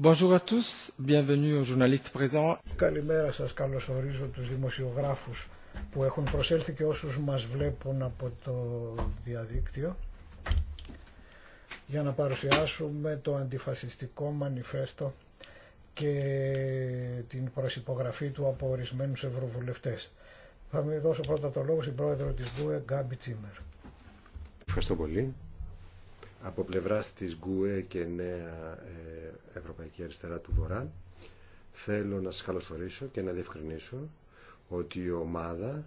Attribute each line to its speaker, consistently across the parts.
Speaker 1: Bonjour à tous. Bienvenue aux journalistes présents. Καλημέρα σας. Καλωσορίζω τους δημοσιογράφους που έχουν προσέλθει και όσους μας βλέπουν από το διαδίκτυο για να παρουσιάσουμε το αντιφασιστικό μανιφέστο και την προσυπογραφή του από ορισμένους ευρωβουλευτές. Θα με δώσω πρώτα το λόγο στην πρόεδρο της ΔΟΕ, Γκάμπι Τσίμερ.
Speaker 2: Ευχαριστώ πολύ από πλευράς της Γκουέ και Νέα ε, Ευρωπαϊκή Αριστερά του Βορρά θέλω να σας καλωσορίσω και να διευκρινίσω ότι η ομάδα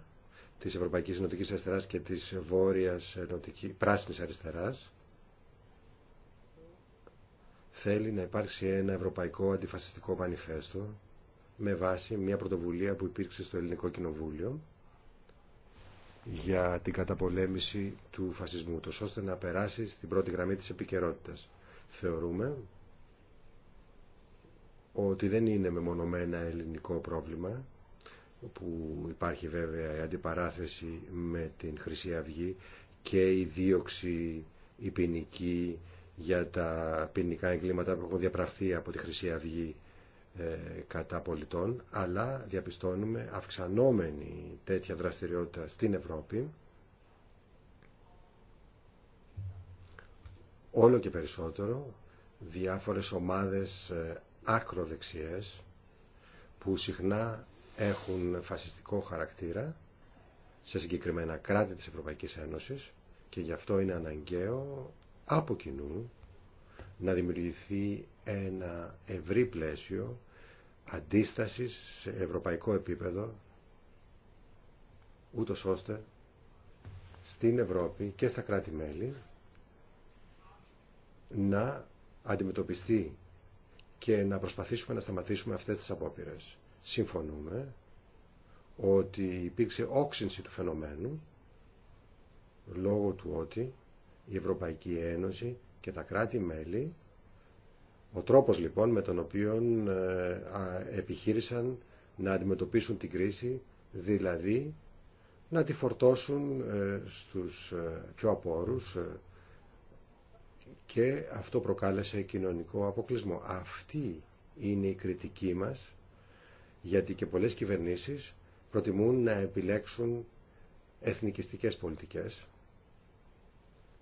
Speaker 2: της Ευρωπαϊκής Νοτικής Αριστεράς και της Βόρειας Νοτική, Πράσινης Αριστεράς θέλει να υπάρξει ένα ευρωπαϊκό αντιφασιστικό μανιφέστο με βάση μια πρωτοβουλία που υπήρξε στο Ελληνικό Κοινοβούλιο για την καταπολέμηση του φασισμού, το ώστε να περάσει στην πρώτη γραμμή της επικαιρότητα. Θεωρούμε ότι δεν είναι μεμονωμένα ελληνικό πρόβλημα, που υπάρχει βέβαια η αντιπαράθεση με την Χρυσή Αυγή και η δίωξη, η ποινική για τα ποινικά εγκλήματα που έχουν διαπραχθεί από τη Χρυσή Αυγή ε, κατά πολιτών, αλλά διαπιστώνουμε αυξανόμενη τέτοια δραστηριότητα στην Ευρώπη, όλο και περισσότερο διάφορες ομάδες άκροδεξιές ε, που συχνά έχουν φασιστικό χαρακτήρα σε συγκεκριμένα κράτη της Ευρωπαϊκής Ένωσης και γι' αυτό είναι αναγκαίο από κοινού να δημιουργηθεί ένα ευρύ πλαίσιο αντίστασης σε ευρωπαϊκό επίπεδο ούτω ώστε στην Ευρώπη και στα κράτη-μέλη να αντιμετωπιστεί και να προσπαθήσουμε να σταματήσουμε αυτές τις απόπειρες. Συμφωνούμε ότι υπήρξε όξυνση του φαινομένου λόγω του ότι η Ευρωπαϊκή Ένωση και τα κράτη-μέλη ο τρόπος λοιπόν με τον οποίο ε, επιχείρησαν να αντιμετωπίσουν την κρίση, δηλαδή να τη φορτώσουν ε, στους ε, πιο απόρους και αυτό προκάλεσε κοινωνικό αποκλεισμό. Αυτή είναι η κριτική μας, γιατί και πολλές κυβερνήσεις προτιμούν να επιλέξουν εθνικιστικές πολιτικές.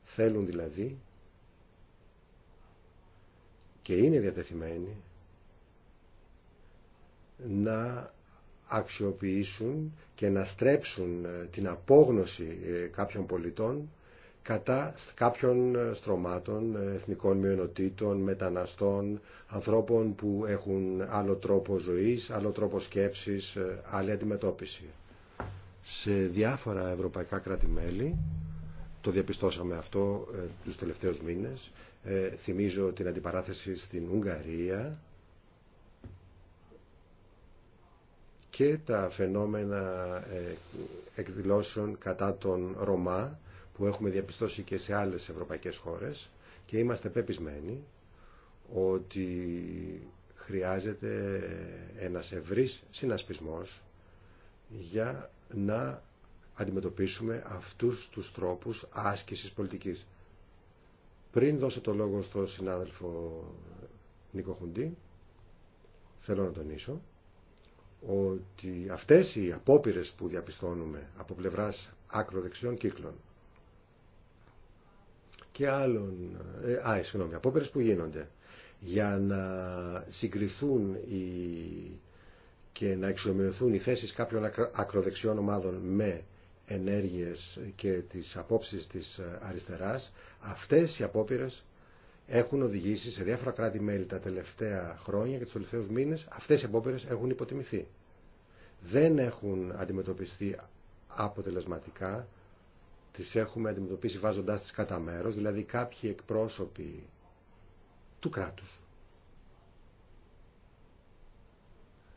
Speaker 2: Θέλουν δηλαδή και είναι διατεθειμένοι να αξιοποιήσουν και να στρέψουν ε, την απόγνωση ε, κάποιων πολιτών κατά κάποιων ε, στρωμάτων, εθνικών μειονοτήτων, μεταναστών, ανθρώπων που έχουν άλλο τρόπο ζωής, άλλο τρόπο σκέψης, άλλη αντιμετώπιση. Σε διάφορα ευρωπαϊκά κράτη-μέλη το διαπιστώσαμε αυτό ε, τους τελευταίους μήνες. Ε, θυμίζω την αντιπαράθεση στην Ουγγαρία και τα φαινόμενα ε, εκδηλώσεων κατά τον Ρωμά που έχουμε διαπιστώσει και σε άλλες ευρωπαϊκές χώρες και είμαστε πεπισμένοι ότι χρειάζεται ένας ευρύς συνασπισμός για να αντιμετωπίσουμε αυτούς τους τρόπους άσκησης πολιτικής. Πριν δώσω το λόγο στον συνάδελφο Νίκο Χουντή, θέλω να τονίσω ότι αυτές οι απόπειρες που διαπιστώνουμε από πλευράς ακροδεξιών κύκλων και άλλων, ε, α, ε, συγγνώμη, απόπειρες που γίνονται για να συγκριθούν οι, και να εξομοιωθούν οι θέσεις κάποιων ακροδεξιών ομάδων με ενέργειες και τις απόψεις της αριστεράς, αυτές οι απόπειρε έχουν οδηγήσει σε διάφορα κράτη-μέλη τα τελευταία χρόνια και τους τελευταίους μήνες, αυτές οι απόπειρες έχουν υποτιμηθεί. Δεν έχουν αντιμετωπιστεί αποτελεσματικά, τις έχουμε αντιμετωπίσει βάζοντάς τις κατά μέρος, δηλαδή κάποιοι εκπρόσωποι του κράτους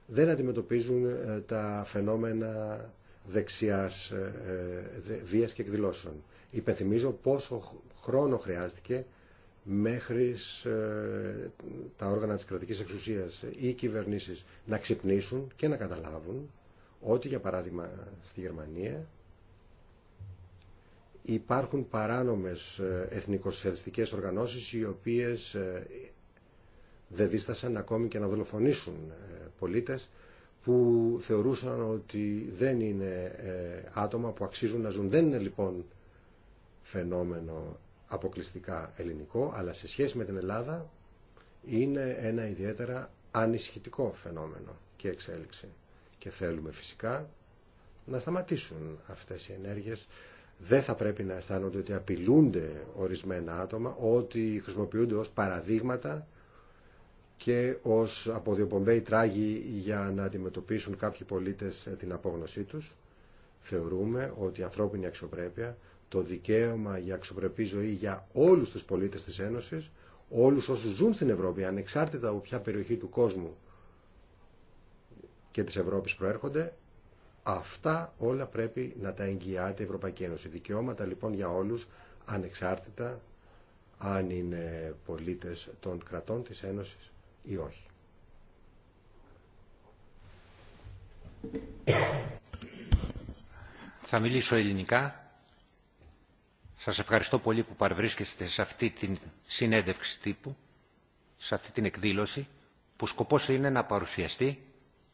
Speaker 2: δεν αντιμετωπίζουν ε, τα φαινόμενα δεξιάς ε, ε, βίας και εκδηλώσεων. Υπενθυμίζω πόσο χρόνο χρειάστηκε μέχρι ε, τα όργανα της κρατικής εξουσίας ή οι κυβερνήσεις να ξυπνήσουν και να καταλάβουν ότι για παράδειγμα στη Γερμανία υπάρχουν παράνομες εθνικοσοσιαλιστικές οργανώσεις οι οποίες δεν δίστασαν ακόμη και να δολοφονήσουν πολίτες που θεωρούσαν ότι δεν είναι ε, άτομα που αξίζουν να ζουν. Δεν είναι λοιπόν φαινόμενο αποκλειστικά ελληνικό, αλλά σε σχέση με την Ελλάδα είναι ένα ιδιαίτερα ανησυχητικό φαινόμενο και εξέλιξη. Και θέλουμε φυσικά να σταματήσουν αυτές οι ενέργειες. Δεν θα πρέπει να αισθάνονται ότι απειλούνται ορισμένα άτομα, ότι χρησιμοποιούνται ως παραδείγματα και ως αποδιοπομπαίοι τράγοι για να αντιμετωπίσουν κάποιοι πολίτες ε, την απόγνωσή τους. Θεωρούμε ότι η ανθρώπινη αξιοπρέπεια, το δικαίωμα για αξιοπρεπή ζωή για όλους τους πολίτες της Ένωσης, όλους όσους ζουν στην Ευρώπη, ανεξάρτητα από ποια περιοχή του κόσμου και της Ευρώπης προέρχονται, αυτά όλα πρέπει να τα εγγυάται η Ευρωπαϊκή Ένωση. Δικαιώματα λοιπόν για όλους, ανεξάρτητα αν είναι πολίτες των κρατών της Ένωσης όχι.
Speaker 3: Θα μιλήσω ελληνικά. Σας ευχαριστώ πολύ που παρευρίσκεστε σε αυτή την συνέντευξη τύπου, σε αυτή την εκδήλωση, που σκοπός είναι να παρουσιαστεί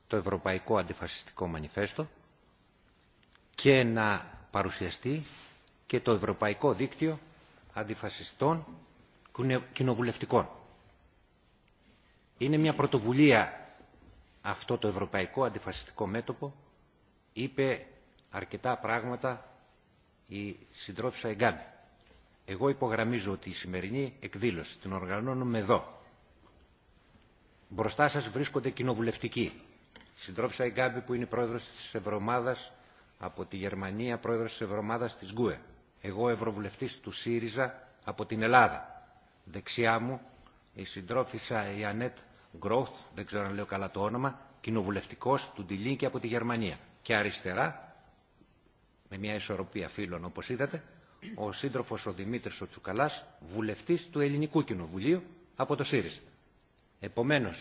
Speaker 3: το Ευρωπαϊκό Αντιφασιστικό Μανιφέστο και να παρουσιαστεί και το Ευρωπαϊκό Δίκτυο Αντιφασιστών Κοινοβουλευτικών. Είναι μια πρωτοβουλία αυτό το ευρωπαϊκό αντιφασιστικό μέτωπο. Είπε αρκετά πράγματα η συντρόφισσα Εγκάμπη. Εγώ υπογραμμίζω ότι η σημερινή εκδήλωση την οργανώνουμε εδώ. Μπροστά σας βρίσκονται κοινοβουλευτικοί. Συντρόφισσα Εγκάμπη που είναι πρόεδρος της Ευρωομάδας από τη Γερμανία, πρόεδρος της Ευρωομάδας της Γκουε. Εγώ ευρωβουλευτής του ΣΥΡΙΖΑ από την Ελλάδα. Δεξιά μου η συντρόφισσα Ιανέτ Growth, δεν ξέρω αν λέω καλά το όνομα, κοινοβουλευτικό του Ντιλίνκη από τη Γερμανία. Και αριστερά, με μια ισορροπία φίλων όπω είδατε, ο σύντροφο ο Δημήτρη ο Τσουκαλά, βουλευτή του Ελληνικού Κοινοβουλίου από το ΣΥΡΙΖΑ. Επομένω,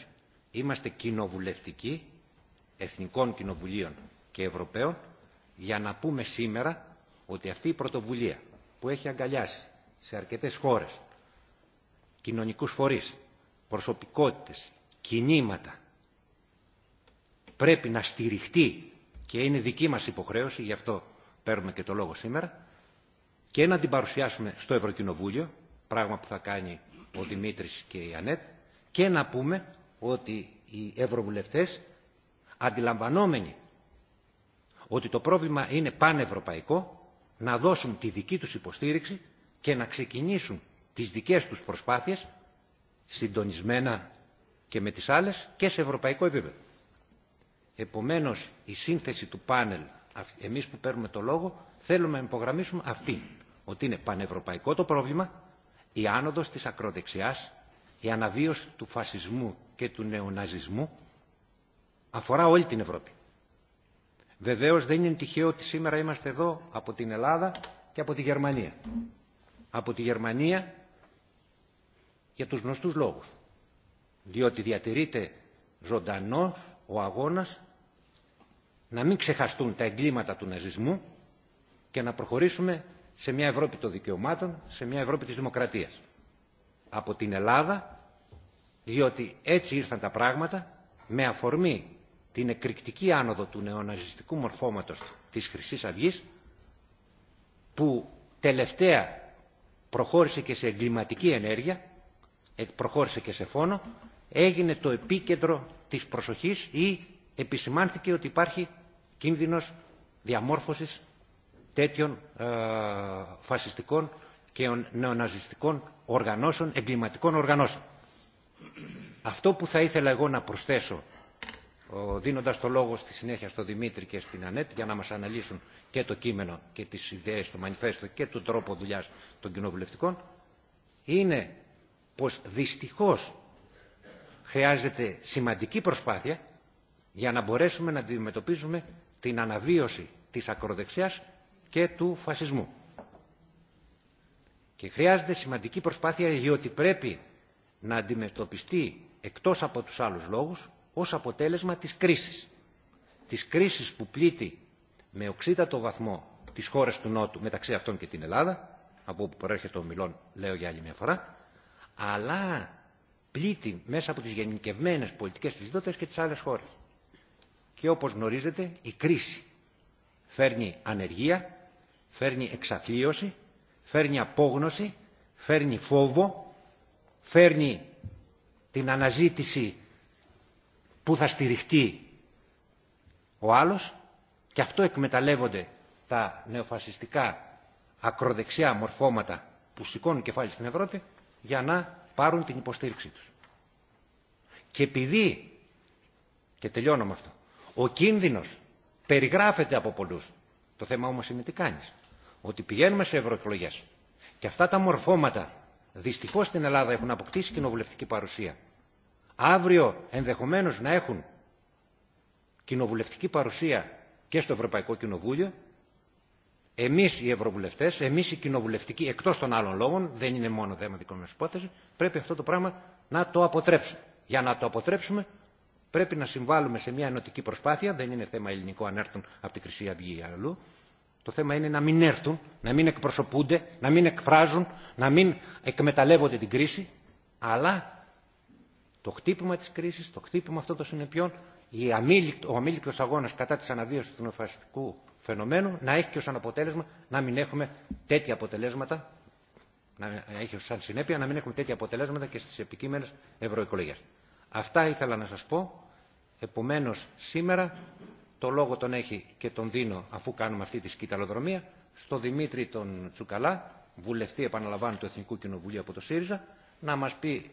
Speaker 3: είμαστε κοινοβουλευτικοί εθνικών κοινοβουλίων και Ευρωπαίων για να πούμε σήμερα ότι αυτή η πρωτοβουλία που έχει αγκαλιάσει σε αρκετές χώρες κοινωνικούς φορείς, προσωπικότητες, κινήματα. Πρέπει να στηριχτεί και είναι δική μας υποχρέωση, γι' αυτό παίρνουμε και το λόγο σήμερα, και να την παρουσιάσουμε στο Ευρωκοινοβούλιο, πράγμα που θα κάνει ο Δημήτρης και η Ανέτ, και να πούμε ότι οι ευρωβουλευτές, αντιλαμβανόμενοι ότι το πρόβλημα είναι πανευρωπαϊκό, να δώσουν τη δική τους υποστήριξη και να ξεκινήσουν τις δικές τους προσπάθειες, συντονισμένα και με τις άλλες και σε ευρωπαϊκό επίπεδο. Επομένως, η σύνθεση του πάνελ, εμείς που παίρνουμε το λόγο, θέλουμε να υπογραμμίσουμε αυτή, ότι είναι πανευρωπαϊκό το πρόβλημα, η άνοδος της ακροδεξιάς, η αναβίωση του φασισμού και του νεοναζισμού, αφορά όλη την Ευρώπη. Βεβαίως δεν είναι τυχαίο ότι σήμερα είμαστε εδώ από την Ελλάδα και από τη Γερμανία. Από τη Γερμανία για τους γνωστούς λόγους διότι διατηρείται ζωντανός ο αγώνας να μην ξεχαστούν τα εγκλήματα του ναζισμού και να προχωρήσουμε σε μια Ευρώπη των δικαιωμάτων, σε μια Ευρώπη της δημοκρατίας. Από την Ελλάδα, διότι έτσι ήρθαν τα πράγματα, με αφορμή την εκρηκτική άνοδο του νεοναζιστικού μορφώματος της χρυσή αυγή, που τελευταία προχώρησε και σε εγκληματική ενέργεια, προχώρησε και σε φόνο έγινε το επίκεντρο της προσοχής ή επισημάνθηκε ότι υπάρχει κίνδυνος διαμόρφωσης τέτοιων ε, φασιστικών και νεοναζιστικών οργανώσεων, εγκληματικών οργανώσεων. Αυτό που θα ήθελα εγώ να προσθέσω, δίνοντας το λόγο στη συνέχεια στον Δημήτρη και στην Ανέτ, για να μας αναλύσουν και το κείμενο και τις ιδέες, του μανιφέστο και τον τρόπο δουλειάς των κοινοβουλευτικών, είναι πως δυστυχώς χρειάζεται σημαντική προσπάθεια για να μπορέσουμε να αντιμετωπίζουμε την αναβίωση της ακροδεξιάς και του φασισμού. Και χρειάζεται σημαντική προσπάθεια διότι πρέπει να αντιμετωπιστεί εκτός από τους άλλους λόγους ως αποτέλεσμα της κρίσης. Της κρίσης που πλήττει με οξύτατο βαθμό τις χώρες του Νότου μεταξύ αυτών και την Ελλάδα, από όπου προέρχεται ο Μιλών λέω για άλλη μια φορά, αλλά πλήττει μέσα από τις γενικευμένες πολιτικές της λιτότητας και τις άλλες χώρες. Και όπως γνωρίζετε η κρίση φέρνει ανεργία, φέρνει εξαθλίωση, φέρνει απόγνωση, φέρνει φόβο, φέρνει την αναζήτηση που θα στηριχτεί ο άλλος και αυτό εκμεταλλεύονται τα νεοφασιστικά ακροδεξιά μορφώματα που σηκώνουν κεφάλι στην Ευρώπη για να πάρουν την υποστήριξή τους. Και επειδή, και τελειώνω με αυτό, ο κίνδυνος περιγράφεται από πολλούς, το θέμα όμως είναι τι κάνεις, ότι πηγαίνουμε σε ευρωεκλογέ. και αυτά τα μορφώματα δυστυχώς στην Ελλάδα έχουν αποκτήσει κοινοβουλευτική παρουσία. Αύριο ενδεχομένως να έχουν κοινοβουλευτική παρουσία και στο Ευρωπαϊκό Κοινοβούλιο εμείς οι ευρωβουλευτές, εμείς οι κοινοβουλευτικοί, εκτός των άλλων λόγων, δεν είναι μόνο θέμα δικό μας υπόθεση, πρέπει αυτό το πράγμα να το αποτρέψουμε. Για να το αποτρέψουμε πρέπει να συμβάλλουμε σε μια ενωτική προσπάθεια, δεν είναι θέμα ελληνικό αν έρθουν από τη Χρυσή Αυγή ή αλλού, το θέμα είναι να μην έρθουν, να μην εκπροσωπούνται, να μην εκφράζουν, να μην εκμεταλλεύονται την κρίση, αλλά το χτύπημα της κρίσης, το χτύπημα αυτών των συνεπειών, ο αμήλικτος αγώνας κατά τη αναβίωσης του νοφαστικού φαινομένου να έχει και ως αποτέλεσμα να μην έχουμε τέτοια αποτελέσματα να έχει σαν συνέπεια να μην έχουμε τέτοια αποτελέσματα και στις επικείμενες ευρωεκλογέ. Αυτά ήθελα να σας πω. Επομένως σήμερα το λόγο τον έχει και τον δίνω αφού κάνουμε αυτή τη σκηταλοδρομία στο Δημήτρη τον Τσουκαλά, βουλευτή επαναλαμβάνω του Εθνικού Κοινοβουλίου από το ΣΥΡΙΖΑ, να μας πει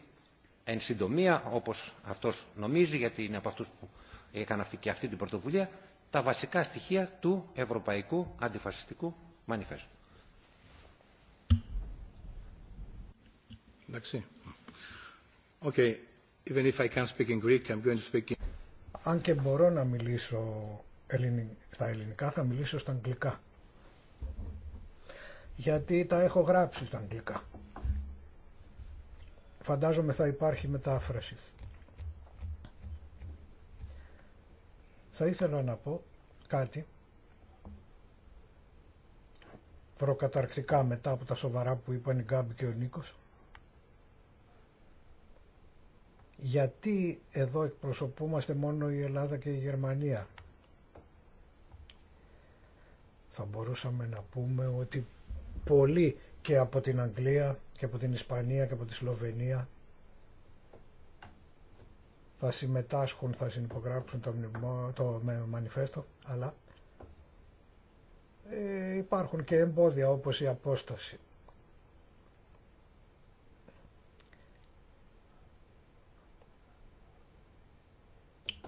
Speaker 3: εν συντομία όπως αυτός νομίζει γιατί είναι από αυτούς που έκανε αυτή και αυτή την πρωτοβουλία τα βασικά στοιχεία του Ευρωπαϊκού Αντιφασιστικού Μανιφέστου.
Speaker 1: Αν και μπορώ να μιλήσω στα ελληνικά, θα μιλήσω στα αγγλικά. Γιατί τα έχω γράψει στα αγγλικά. Φαντάζομαι θα υπάρχει μετάφραση. Θα ήθελα να πω κάτι προκαταρκτικά μετά από τα σοβαρά που είπαν η Γκάμπη και ο Νίκος. Γιατί εδώ εκπροσωπούμαστε μόνο η Ελλάδα και η Γερμανία. Θα μπορούσαμε να πούμε ότι πολλοί και από την Αγγλία και από την Ισπανία και από τη Σλοβενία θα συμμετάσχουν, θα συνυπογράψουν το, μνημό, το μανιφέστο, αλλά ε, υπάρχουν και εμπόδια όπως η απόσταση.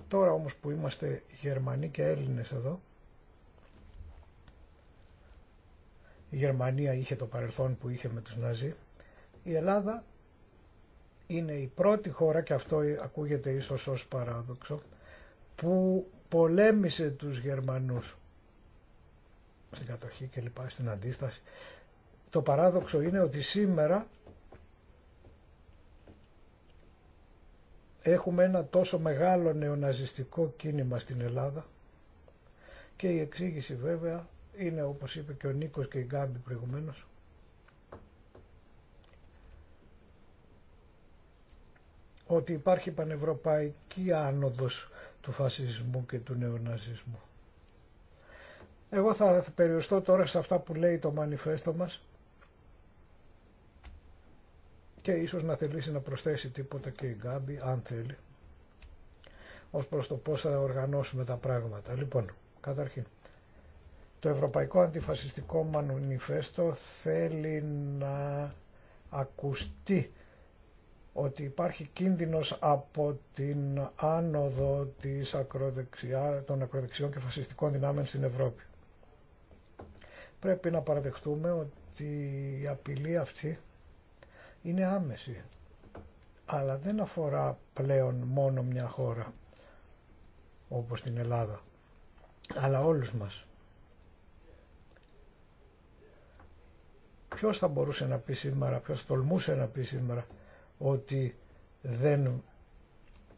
Speaker 1: Τώρα όμως που είμαστε Γερμανοί και Έλληνες εδώ, η Γερμανία είχε το παρελθόν που είχε με τους Ναζί, η Ελλάδα είναι η πρώτη χώρα, και αυτό ακούγεται ίσως ως παράδοξο, που πολέμησε τους Γερμανούς στην κατοχή και λοιπά, στην αντίσταση. Το παράδοξο είναι ότι σήμερα έχουμε ένα τόσο μεγάλο νεοναζιστικό κίνημα στην Ελλάδα και η εξήγηση βέβαια είναι όπως είπε και ο Νίκος και η Γκάμπη προηγουμένως ότι υπάρχει πανευρωπαϊκή άνοδος του φασισμού και του νεοναζισμού. Εγώ θα περιοριστώ τώρα σε αυτά που λέει το μανιφέστο μας και ίσως να θελήσει να προσθέσει τίποτα και η Γκάμπη, αν θέλει, ως προς το πώς θα οργανώσουμε τα πράγματα. Λοιπόν, καταρχήν, το Ευρωπαϊκό Αντιφασιστικό Μανιφέστο θέλει να ακουστεί ότι υπάρχει κίνδυνος από την άνοδο της ακροδεξιά, των ακροδεξιών και φασιστικών δυνάμεων στην Ευρώπη. Πρέπει να παραδεχτούμε ότι η απειλή αυτή είναι άμεση, αλλά δεν αφορά πλέον μόνο μια χώρα όπως την Ελλάδα, αλλά όλους μας. Ποιος θα μπορούσε να πει σήμερα, ποιος τολμούσε να πει σήμερα ότι δεν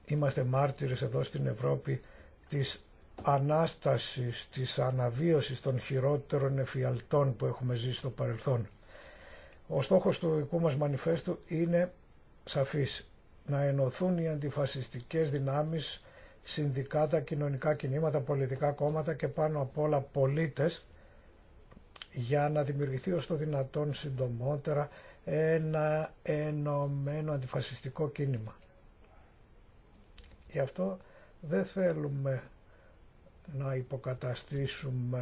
Speaker 1: είμαστε μάρτυρες εδώ στην Ευρώπη της ανάστασης, της αναβίωσης των χειρότερων εφιαλτών που έχουμε ζήσει στο παρελθόν. Ο στόχος του δικού μας μανιφέστου είναι σαφής. Να ενωθούν οι αντιφασιστικές δυνάμεις, συνδικάτα, κοινωνικά κινήματα, πολιτικά κόμματα και πάνω απ' όλα πολίτες για να δημιουργηθεί ως το δυνατόν συντομότερα ένα ενωμένο αντιφασιστικό κίνημα. Γι' αυτό δεν θέλουμε να υποκαταστήσουμε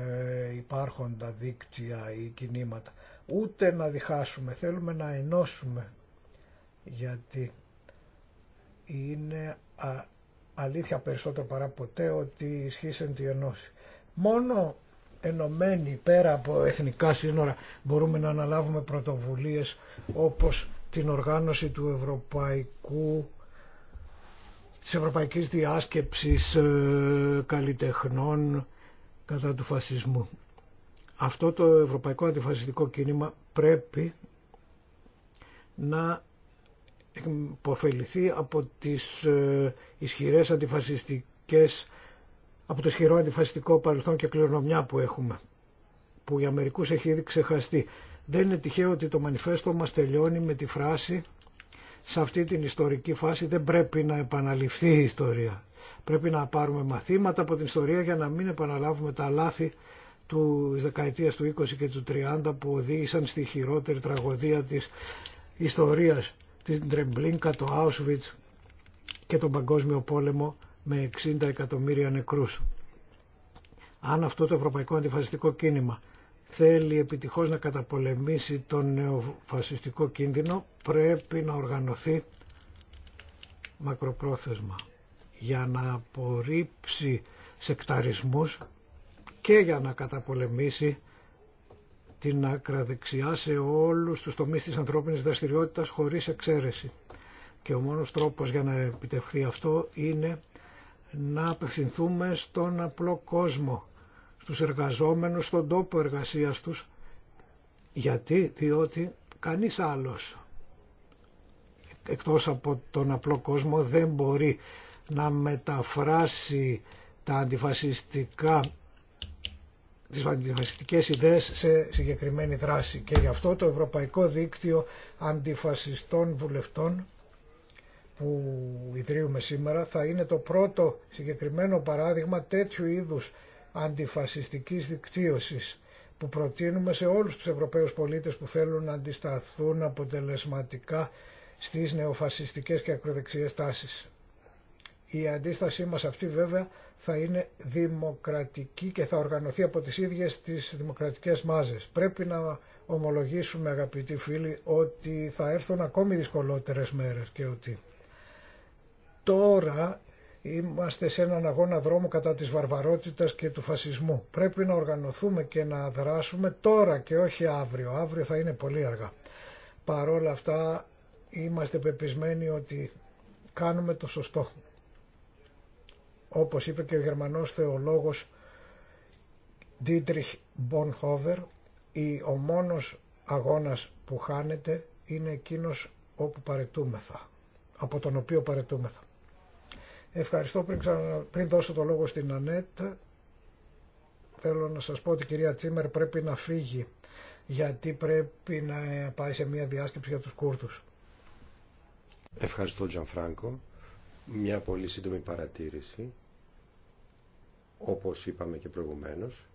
Speaker 1: υπάρχοντα δίκτυα ή κινήματα, ούτε να διχάσουμε, θέλουμε να ενώσουμε, γιατί είναι αλήθεια περισσότερο παρά ποτέ ότι ισχύσεν τη ενώση. Μόνο ενωμένοι πέρα από εθνικά σύνορα μπορούμε να αναλάβουμε πρωτοβουλίες όπως την οργάνωση του ευρωπαϊκού της ευρωπαϊκής διάσκεψης ε, καλλιτεχνών κατά του φασισμού. Αυτό το ευρωπαϊκό αντιφασιστικό κίνημα πρέπει να υποφεληθεί από τις ε, ισχυρές αντιφασιστικές από το ισχυρό αντιφασιστικό παρελθόν και κληρονομιά που έχουμε, που για μερικού έχει ήδη ξεχαστεί. Δεν είναι τυχαίο ότι το μανιφέστο μας τελειώνει με τη φράση σε αυτή την ιστορική φάση δεν πρέπει να επαναληφθεί η ιστορία. Πρέπει να πάρουμε μαθήματα από την ιστορία για να μην επαναλάβουμε τα λάθη του δεκαετίας του 20 και του 30 που οδήγησαν στη χειρότερη τραγωδία της ιστορίας, την Τρεμπλίνκα, το Auschwitz και τον Παγκόσμιο Πόλεμο με 60 εκατομμύρια νεκρούς. Αν αυτό το ευρωπαϊκό αντιφασιστικό κίνημα θέλει επιτυχώς να καταπολεμήσει τον νεοφασιστικό κίνδυνο πρέπει να οργανωθεί μακροπρόθεσμα για να απορρίψει σεκταρισμούς και για να καταπολεμήσει την ακραδεξιά σε όλους τους τομείς της ανθρώπινης δραστηριότητας χωρίς εξαίρεση. Και ο μόνος τρόπος για να επιτευχθεί αυτό είναι να απευθυνθούμε στον απλό κόσμο, στους εργαζόμενους, στον τόπο εργασίας τους. Γιατί, διότι κανείς άλλος εκτός από τον απλό κόσμο δεν μπορεί να μεταφράσει τα αντιφασιστικά τις αντιφασιστικές ιδέες σε συγκεκριμένη δράση και γι' αυτό το Ευρωπαϊκό Δίκτυο Αντιφασιστών Βουλευτών που ιδρύουμε σήμερα θα είναι το πρώτο συγκεκριμένο παράδειγμα τέτοιου είδους αντιφασιστικής δικτύωσης που προτείνουμε σε όλους τους Ευρωπαίους πολίτες που θέλουν να αντισταθούν αποτελεσματικά στις νεοφασιστικές και ακροδεξιές τάσεις. Η αντίστασή μας αυτή βέβαια θα είναι δημοκρατική και θα οργανωθεί από τις ίδιες τις δημοκρατικές μάζες. Πρέπει να ομολογήσουμε αγαπητοί φίλοι ότι θα έρθουν ακόμη δυσκολότερες μέρες και ότι Τώρα είμαστε σε έναν αγώνα δρόμου κατά της βαρβαρότητας και του φασισμού. Πρέπει να οργανωθούμε και να δράσουμε τώρα και όχι αύριο. Αύριο θα είναι πολύ αργά. Παρόλα αυτά είμαστε πεπισμένοι ότι κάνουμε το σωστό. Όπως είπε και ο Γερμανός θεολόγος Dietrich Bonhoeffer, ο μόνος αγώνας που χάνεται είναι εκείνος όπου παρετούμεθα, από τον οποίο παρετούμεθα. Ευχαριστώ πριν, δώσω το λόγο στην Ανέτ. Θέλω να σας πω ότι η κυρία Τσίμερ πρέπει να φύγει γιατί πρέπει να πάει σε μια διάσκεψη για τους Κούρδους.
Speaker 2: Ευχαριστώ Φράγκο. Μια πολύ σύντομη παρατήρηση. Όπως είπαμε και προηγουμένως,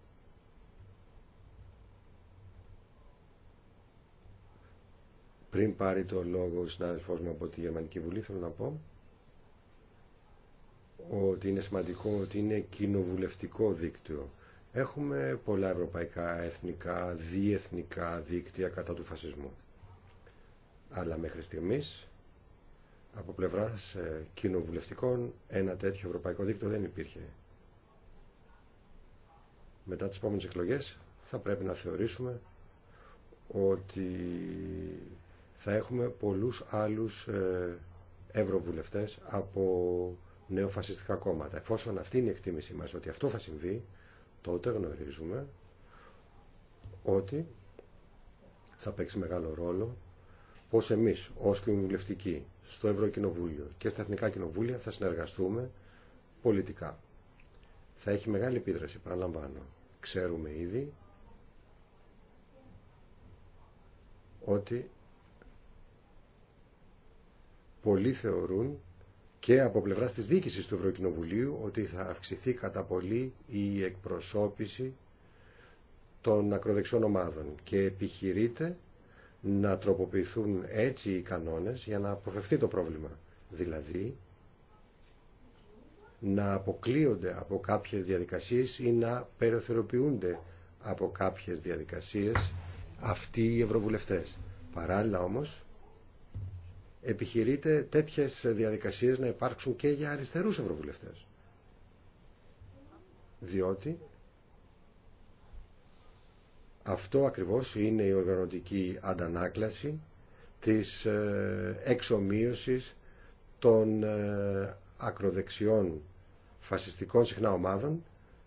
Speaker 2: πριν πάρει το λόγο ο συνάδελφός μου από τη Γερμανική Βουλή, θέλω να πω ότι είναι σημαντικό ότι είναι κοινοβουλευτικό δίκτυο. Έχουμε πολλά ευρωπαϊκά, εθνικά, διεθνικά δίκτυα κατά του φασισμού. Αλλά μέχρι στιγμής, από πλευράς ε, κοινοβουλευτικών, ένα τέτοιο ευρωπαϊκό δίκτυο δεν υπήρχε. Μετά τις επόμενες εκλογές θα πρέπει να θεωρήσουμε ότι θα έχουμε πολλούς άλλους ε, ευρωβουλευτές από νεοφασιστικά κόμματα. Εφόσον αυτή είναι η εκτίμησή μας ότι αυτό θα συμβεί, τότε γνωρίζουμε ότι θα παίξει μεγάλο ρόλο πώς εμείς ως κοινοβουλευτικοί στο Ευρωκοινοβούλιο και στα Εθνικά Κοινοβούλια θα συνεργαστούμε πολιτικά. Θα έχει μεγάλη επίδραση, παραλαμβάνω. Ξέρουμε ήδη ότι πολλοί θεωρούν και από πλευρά της διοίκησης του Ευρωκοινοβουλίου ότι θα αυξηθεί κατά πολύ η εκπροσώπηση των ακροδεξιών ομάδων και επιχειρείται να τροποποιηθούν έτσι οι κανόνες για να αποφευθεί το πρόβλημα. Δηλαδή να αποκλείονται από κάποιες διαδικασίες ή να περιοθεροποιούνται από κάποιες διαδικασίες αυτοί οι ευρωβουλευτές. Παράλληλα όμως επιχειρείται τέτοιες διαδικασίες να υπάρξουν και για αριστερούς ευρωβουλευτές. Διότι αυτό ακριβώς είναι η οργανωτική αντανάκλαση της ε, εξομοίωσης των ε, ακροδεξιών φασιστικών συχνά ομάδων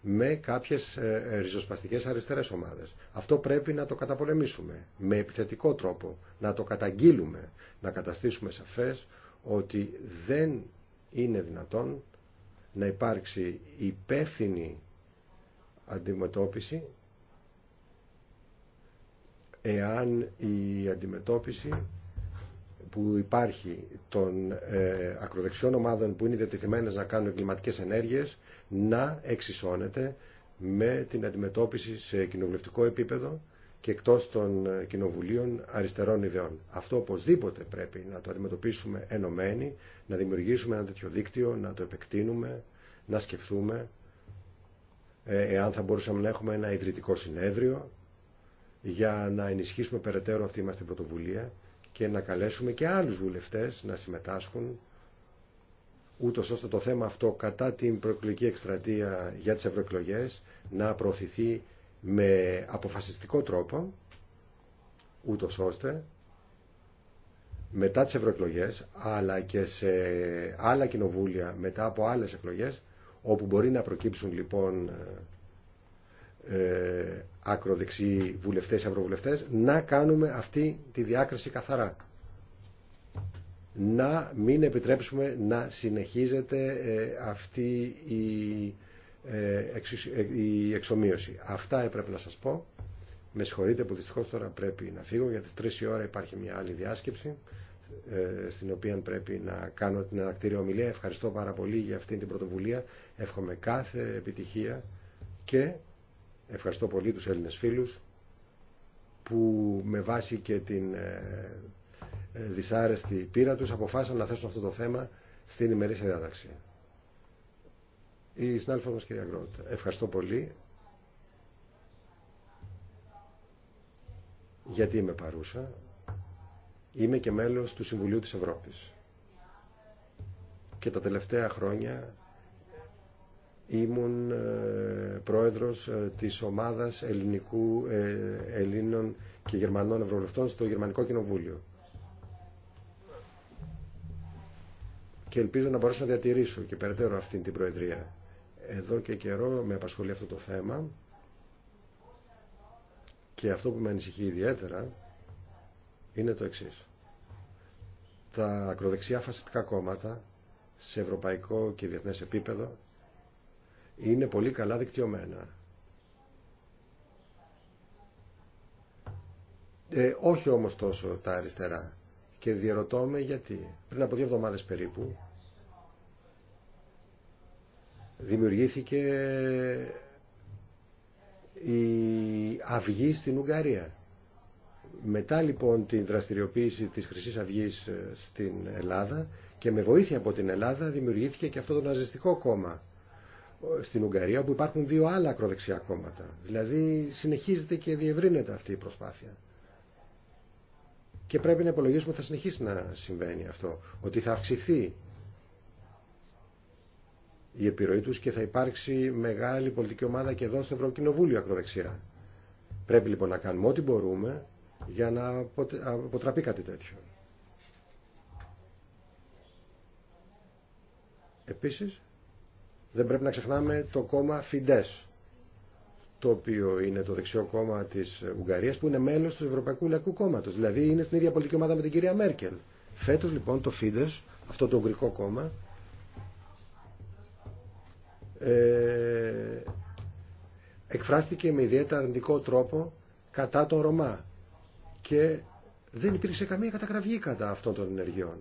Speaker 2: με κάποιες ε, ε, ριζοσπαστικές αριστερές ομάδες. Αυτό πρέπει να το καταπολεμήσουμε με επιθετικό τρόπο, να το καταγγείλουμε, να καταστήσουμε σαφές ότι δεν είναι δυνατόν να υπάρξει υπεύθυνη αντιμετώπιση εάν η αντιμετώπιση που υπάρχει των ε, ακροδεξιών ομάδων που είναι διατεθειμένες να κάνουν εγκληματικές ενέργειες να εξισώνεται με την αντιμετώπιση σε κοινοβουλευτικό επίπεδο και εκτός των ε, κοινοβουλίων αριστερών ιδεών. Αυτό οπωσδήποτε πρέπει να το αντιμετωπίσουμε ενωμένοι, να δημιουργήσουμε ένα τέτοιο δίκτυο, να το επεκτείνουμε, να σκεφτούμε ε, εάν θα μπορούσαμε να έχουμε ένα ιδρυτικό συνέδριο για να ενισχύσουμε περαιτέρω αυτή μας την πρωτοβουλία και να καλέσουμε και άλλους βουλευτές να συμμετάσχουν ούτω ώστε το θέμα αυτό κατά την προεκλογική εκστρατεία για τις ευρωεκλογέ να προωθηθεί με αποφασιστικό τρόπο ούτω ώστε μετά τις ευρωεκλογέ, αλλά και σε άλλα κοινοβούλια μετά από άλλες εκλογές όπου μπορεί να προκύψουν λοιπόν ε, ακροδεξιοί βουλευτές, ευρωβουλευτές, να κάνουμε αυτή τη διάκριση καθαρά. Να μην επιτρέψουμε να συνεχίζεται ε, αυτή η, ε, ε, η εξομοίωση. Αυτά έπρεπε να σας πω. Με συγχωρείτε που δυστυχώ τώρα πρέπει να φύγω για τις 3 η ώρα υπάρχει μια άλλη διάσκεψη ε, στην οποία πρέπει να κάνω την ανακτήρια ομιλία. Ευχαριστώ πάρα πολύ για αυτή την πρωτοβουλία. Εύχομαι κάθε επιτυχία και Ευχαριστώ πολύ τους Έλληνες φίλους που με βάση και την ε, ε, δυσάρεστη πείρα τους αποφάσισαν να θέσουν αυτό το θέμα στην ημερήσια διάταξη. Η συνάδελφα μας κυρία Γκρότ. Ευχαριστώ πολύ γιατί είμαι παρούσα. Είμαι και μέλος του Συμβουλίου της Ευρώπης. Και τα τελευταία χρόνια ήμουν ε, πρόεδρος ε, της ομάδας ελληνικού, ε, Ελλήνων και Γερμανών Ευρωβουλευτών στο Γερμανικό Κοινοβούλιο. Και ελπίζω να μπορέσω να διατηρήσω και περαιτέρω αυτήν την Προεδρία. Εδώ και καιρό με απασχολεί αυτό το θέμα και αυτό που με ανησυχεί ιδιαίτερα είναι το εξής. Τα ακροδεξιά φασιστικά κόμματα σε ευρωπαϊκό και διεθνές επίπεδο είναι πολύ καλά δικτυωμένα. Ε, όχι όμως τόσο τα αριστερά. Και διαρωτώ με γιατί. Πριν από δύο εβδομάδες περίπου δημιουργήθηκε η Αυγή στην Ουγγαρία. Μετά λοιπόν την δραστηριοποίηση της χρυσή αυγή ε, στην Ελλάδα και με βοήθεια από την Ελλάδα δημιουργήθηκε και αυτό το ναζιστικό κόμμα στην Ουγγαρία όπου υπάρχουν δύο άλλα ακροδεξιά κόμματα. Δηλαδή συνεχίζεται και διευρύνεται αυτή η προσπάθεια. Και πρέπει να υπολογίσουμε ότι θα συνεχίσει να συμβαίνει αυτό. Ότι θα αυξηθεί η επιρροή τους και θα υπάρξει μεγάλη πολιτική ομάδα και εδώ στο Ευρωκοινοβούλιο ακροδεξιά. Πρέπει λοιπόν να κάνουμε ό,τι μπορούμε για να αποτραπεί κάτι τέτοιο. Επίσης, δεν πρέπει να ξεχνάμε το κόμμα Φιντές, το οποίο είναι το δεξιό κόμμα της Ουγγαρίας, που είναι μέλος του Ευρωπαϊκού Λαϊκού Κόμματος. Δηλαδή είναι στην ίδια πολιτική ομάδα με την κυρία Μέρκελ. Φέτος λοιπόν το Φίντες, αυτό το Ουγγρικό κόμμα, ε, εκφράστηκε με ιδιαίτερα αρνητικό τρόπο κατά τον Ρωμά και δεν υπήρξε καμία καταγραφή κατά αυτών των ενεργειών.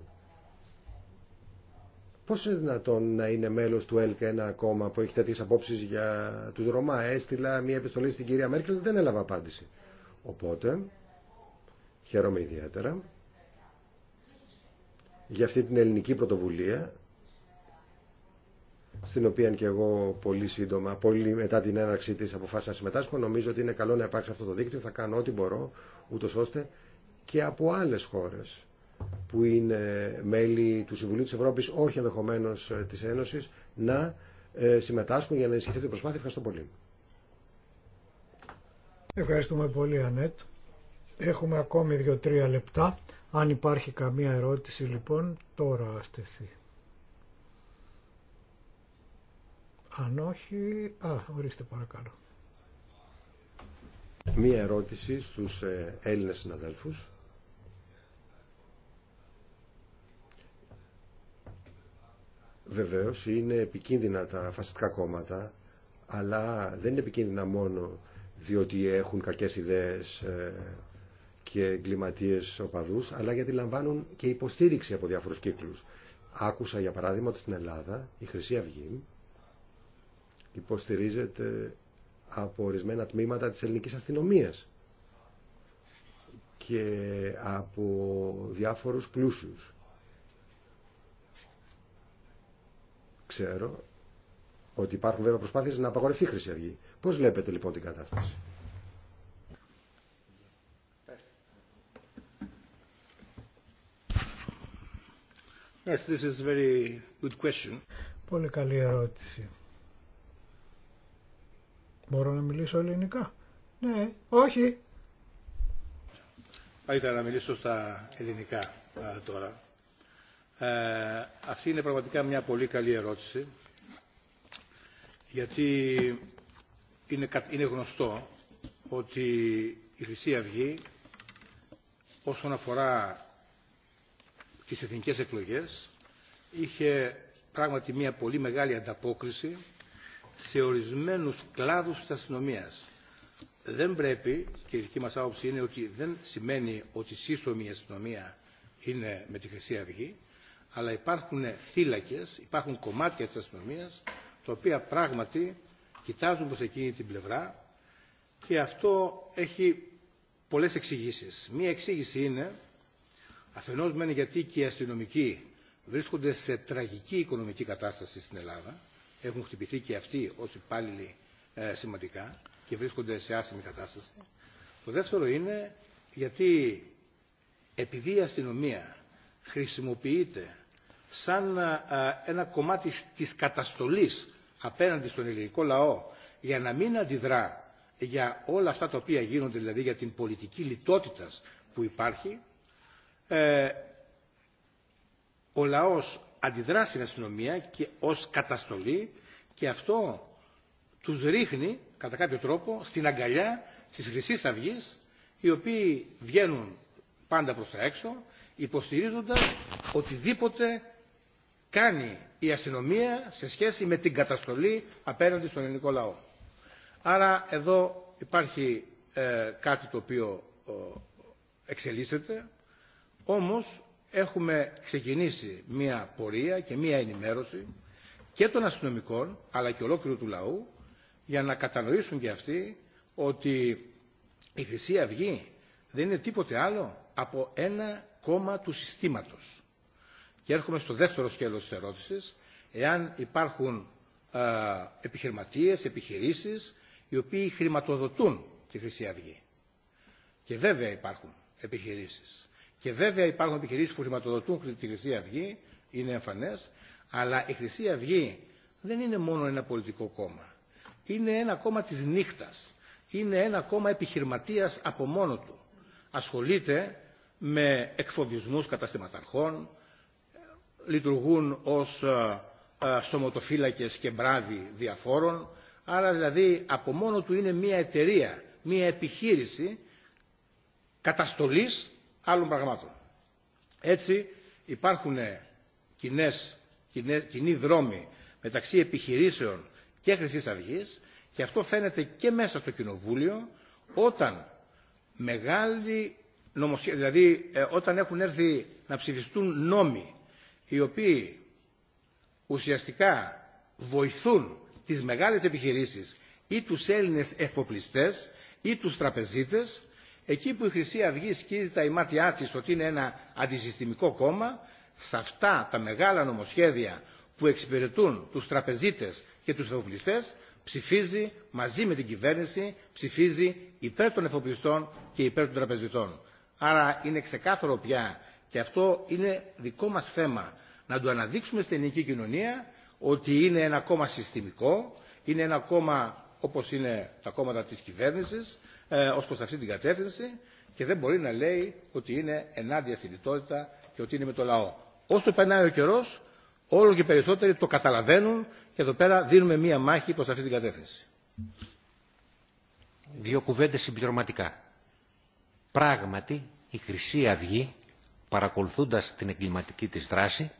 Speaker 2: Πώς είναι δυνατόν να είναι μέλος του Έλκα ένα κόμμα που έχει τέτοιες απόψεις για τους Ρωμά. Έστειλα μια επιστολή στην κυρία Μέρκελ, δεν έλαβα απάντηση. Οπότε, χαίρομαι ιδιαίτερα για αυτή την ελληνική πρωτοβουλία στην οποία και εγώ πολύ σύντομα, πολύ μετά την έναρξη της αποφάσισα να συμμετάσχω. Νομίζω ότι είναι καλό να υπάρξει αυτό το δίκτυο. Θα κάνω ό,τι μπορώ, ούτως ώστε και από άλλες χώρες που είναι μέλη του Συμβουλίου της Ευρώπης, όχι ενδεχομένω ε, της Ένωσης, να ε, συμμετάσχουν για να ενισχυθεί την προσπάθεια. Ευχαριστώ πολύ.
Speaker 1: Ευχαριστούμε πολύ Ανέτ. Έχουμε ακόμη δύο-τρία λεπτά. Αν υπάρχει καμία ερώτηση λοιπόν, τώρα ας Αν όχι... Α, ορίστε παρακαλώ.
Speaker 2: Μία ερώτηση στους ε, Έλληνες συναδέλφους. Βεβαίω είναι επικίνδυνα τα φασιστικά κόμματα, αλλά δεν είναι επικίνδυνα μόνο διότι έχουν κακές ιδέες ε, και εγκληματίε οπαδούς, αλλά γιατί λαμβάνουν και υποστήριξη από διάφορους κύκλους. Άκουσα για παράδειγμα ότι στην Ελλάδα η Χρυσή Αυγή υποστηρίζεται από ορισμένα τμήματα της ελληνικής αστυνομίας και από διάφορους πλούσιους. Ξέρω ότι υπάρχουν βέβαια προσπάθειες να απαγορευτεί η Χρυσή Αυγή. Πώς βλέπετε λοιπόν την κατάσταση.
Speaker 4: Yes, this is very good question.
Speaker 1: Πολύ καλή ερώτηση. Μπορώ να μιλήσω ελληνικά. Ναι, όχι.
Speaker 4: Θα ήθελα να μιλήσω στα ελληνικά τώρα. Ε, αυτή είναι πραγματικά μια πολύ καλή ερώτηση γιατί είναι γνωστό ότι η Χρυσή Αυγή όσον αφορά τις εθνικές εκλογές είχε πράγματι μια πολύ μεγάλη ανταπόκριση σε ορισμένους κλάδους της αστυνομίας. Δεν πρέπει, και η δική μας άποψη είναι ότι δεν σημαίνει ότι σύσσωμη η αστυνομία είναι με τη Χρυσή Αυγή, αλλά υπάρχουν θύλακες, υπάρχουν κομμάτια της αστυνομίας τα οποία πράγματι κοιτάζουν προς εκείνη την πλευρά και αυτό έχει πολλές εξηγήσει. Μία εξήγηση είναι αφενός μεν γιατί και οι αστυνομικοί βρίσκονται σε τραγική οικονομική κατάσταση στην Ελλάδα έχουν χτυπηθεί και αυτοί ως υπάλληλοι ε, σημαντικά και βρίσκονται σε άσχημη κατάσταση. Το δεύτερο είναι γιατί επειδή η αστυνομία χρησιμοποιείται σαν ένα κομμάτι της καταστολής απέναντι στον ελληνικό λαό για να μην αντιδρά για όλα αυτά τα οποία γίνονται, δηλαδή για την πολιτική λιτότητα που υπάρχει, ε, ο λαός αντιδρά στην αστυνομία και ως καταστολή και αυτό τους ρίχνει κατά κάποιο τρόπο στην αγκαλιά της χρυσή αυγή, οι οποίοι βγαίνουν πάντα προς τα έξω υποστηρίζοντας οτιδήποτε κάνει η αστυνομία σε σχέση με την καταστολή απέναντι στον ελληνικό λαό. Άρα εδώ υπάρχει ε, κάτι το οποίο ε, εξελίσσεται, όμως έχουμε ξεκινήσει μία πορεία και μία ενημέρωση και των αστυνομικών αλλά και ολόκληρου του λαού για να κατανοήσουν και αυτοί ότι η Χρυσή Αυγή δεν είναι τίποτε άλλο από ένα κόμμα του συστήματος. Και έρχομαι στο δεύτερο σκέλος της ερώτησης, εάν υπάρχουν ε, επιχειρηματίες, επιχειρήσεις, οι οποίοι χρηματοδοτούν τη Χρυσή Αυγή. Και βέβαια υπάρχουν επιχειρήσεις. Και βέβαια υπάρχουν επιχειρήσεις που χρηματοδοτούν τη Χρυσή Αυγή, είναι εμφανές, αλλά η Χρυσή Αυγή δεν είναι μόνο ένα πολιτικό κόμμα. Είναι ένα κόμμα της νύχτας. Είναι ένα κόμμα επιχειρηματίας από μόνο του. Ασχολείται με εκφοβισμούς καταστηματαρχών, λειτουργούν ως ε, ε, σωματοφύλακες και μπράβοι διαφόρων. Άρα δηλαδή από μόνο του είναι μια εταιρεία, μια επιχείρηση καταστολής άλλων πραγμάτων. Έτσι υπάρχουν κοινές, κοινοί δρόμοι μεταξύ επιχειρήσεων και χρυσή αυγή και αυτό φαίνεται και μέσα στο Κοινοβούλιο όταν μεγάλη δηλαδή ε, όταν έχουν έρθει να ψηφιστούν νόμοι οι οποίοι ουσιαστικά βοηθούν τις μεγάλες επιχειρήσεις ή τους Έλληνες εφοπλιστές ή τους τραπεζίτες εκεί που η Χρυσή Αυγή σκίζει τα ημάτια της ότι είναι ένα αντισυστημικό κόμμα σε αυτά τα μεγάλα νομοσχέδια που εξυπηρετούν τους τραπεζίτες και τους εφοπλιστές ψηφίζει μαζί με την κυβέρνηση, ψηφίζει υπέρ των εφοπλιστών και υπέρ των τραπεζιτών. Άρα είναι ξεκάθαρο πια και αυτό είναι δικό μας θέμα. Να το αναδείξουμε στην ελληνική κοινωνία ότι είναι ένα κόμμα συστημικό, είναι ένα κόμμα όπως είναι τα κόμματα της κυβέρνησης, ε, ως προς αυτή την κατεύθυνση και δεν μπορεί να λέει ότι είναι ενάντια στη λιτότητα και ότι είναι με το λαό. Όσο περνάει ο καιρό, όλο και περισσότεροι το καταλαβαίνουν και εδώ πέρα δίνουμε μία μάχη προς αυτή την κατεύθυνση.
Speaker 3: Δύο κουβέντες συμπληρωματικά. Πράγματι, η Χρυσή Αυγή παρακολουθούντας την εγκληματική της δράση,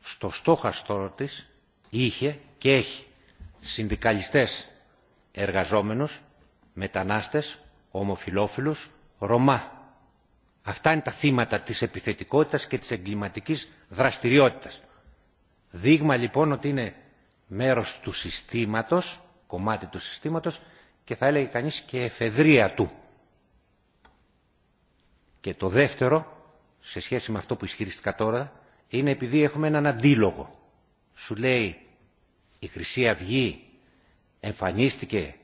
Speaker 3: στο στόχαστό της είχε και έχει συνδικαλιστές εργαζόμενους, μετανάστες, ομοφιλόφιλους, Ρωμά. Αυτά είναι τα θύματα της επιθετικότητας και της εγκληματικής δραστηριότητας. Δείγμα λοιπόν ότι είναι μέρος του συστήματος, κομμάτι του συστήματος και θα έλεγε κανείς και εφεδρεία του. Και το δεύτερο σε σχέση με αυτό που ισχυριστικά τώρα είναι επειδή έχουμε έναν αντίλογο. Σου λέει η Χρυσή Αυγή εμφανίστηκε,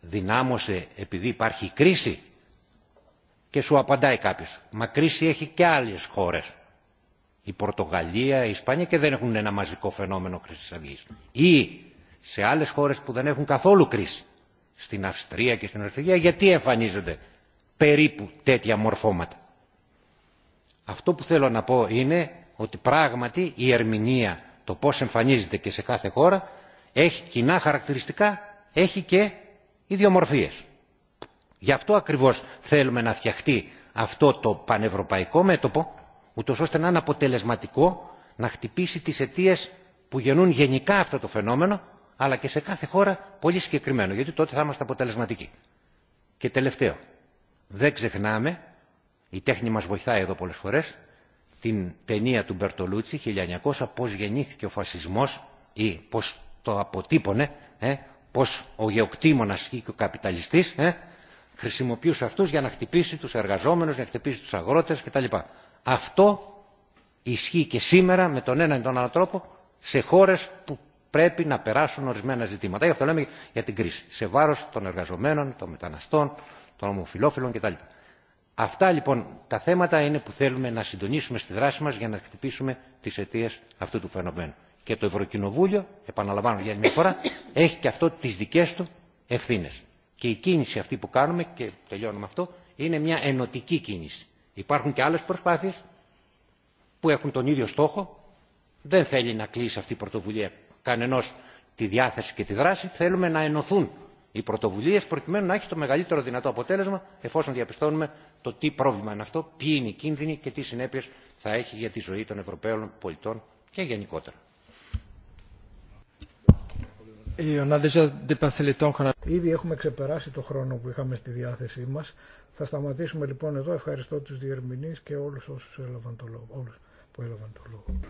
Speaker 3: δυνάμωσε επειδή υπάρχει κρίση και σου απαντάει κάποιος. Μα κρίση έχει και άλλες χώρες. Η Πορτογαλία, η Ισπανία και δεν έχουν ένα μαζικό φαινόμενο Χρυσής Αυγής. Ή σε άλλες χώρες που δεν έχουν καθόλου κρίση. Στην Αυστρία και στην Ορθυγία, γιατί εμφανίζονται περίπου τέτοια μορφώματα. Αυτό που θέλω να πω είναι ότι πράγματι η ερμηνεία, το πώς εμφανίζεται και σε κάθε χώρα, έχει κοινά χαρακτηριστικά, έχει και ιδιομορφίες. Γι' αυτό ακριβώς θέλουμε να φτιαχτεί αυτό το πανευρωπαϊκό μέτωπο, ούτω ώστε να είναι αποτελεσματικό να χτυπήσει τις αιτίε που γεννούν γενικά αυτό το φαινόμενο, αλλά και σε κάθε χώρα πολύ συγκεκριμένο, γιατί τότε θα είμαστε αποτελεσματικοί. Και τελευταίο, δεν ξεχνάμε η τέχνη μας βοηθάει εδώ πολλές φορές. Την ταινία του Μπερτολούτσι, 1900, πώς γεννήθηκε ο φασισμός ή πώς το αποτύπωνε, ε, πώς ο γεωκτήμονας ή και ο καπιταλιστής ε, χρησιμοποιούσε αυτούς για να χτυπήσει τους εργαζόμενους, να χτυπήσει τους αγρότες κτλ. Αυτό ισχύει και σήμερα με τον ένα ή τον άλλο τρόπο σε χώρες που πρέπει να περάσουν ορισμένα ζητήματα. Γι' αυτό λέμε για την κρίση. Σε βάρος των εργαζομένων, των μεταναστών, των ομοφιλόφίλων κτλ. Αυτά λοιπόν τα θέματα είναι που θέλουμε να συντονίσουμε στη δράση μας για να χτυπήσουμε τις αιτίες αυτού του φαινομένου. Και το Ευρωκοινοβούλιο, επαναλαμβάνω για μια φορά, έχει και αυτό τις δικές του ευθύνες. Και η κίνηση αυτή που κάνουμε, και με αυτό, είναι μια ενωτική κίνηση. Υπάρχουν και άλλες προσπάθειες που έχουν τον ίδιο στόχο. Δεν θέλει να κλείσει αυτή η πρωτοβουλία κανενός τη διάθεση και τη δράση. Θέλουμε να ενωθούν οι πρωτοβουλίε προκειμένου να έχει το μεγαλύτερο δυνατό αποτέλεσμα εφόσον διαπιστώνουμε το τι πρόβλημα είναι αυτό, ποιοι είναι οι κίνδυνοι και τι συνέπειε θα έχει για τη ζωή των Ευρωπαίων πολιτών και γενικότερα.
Speaker 1: Ήδη έχουμε ξεπεράσει το χρόνο που είχαμε στη διάθεσή μα. Θα σταματήσουμε λοιπόν εδώ. Ευχαριστώ του διερμηνείς και όλου όσου έλαβαν όλους που έλαβαν το λόγο.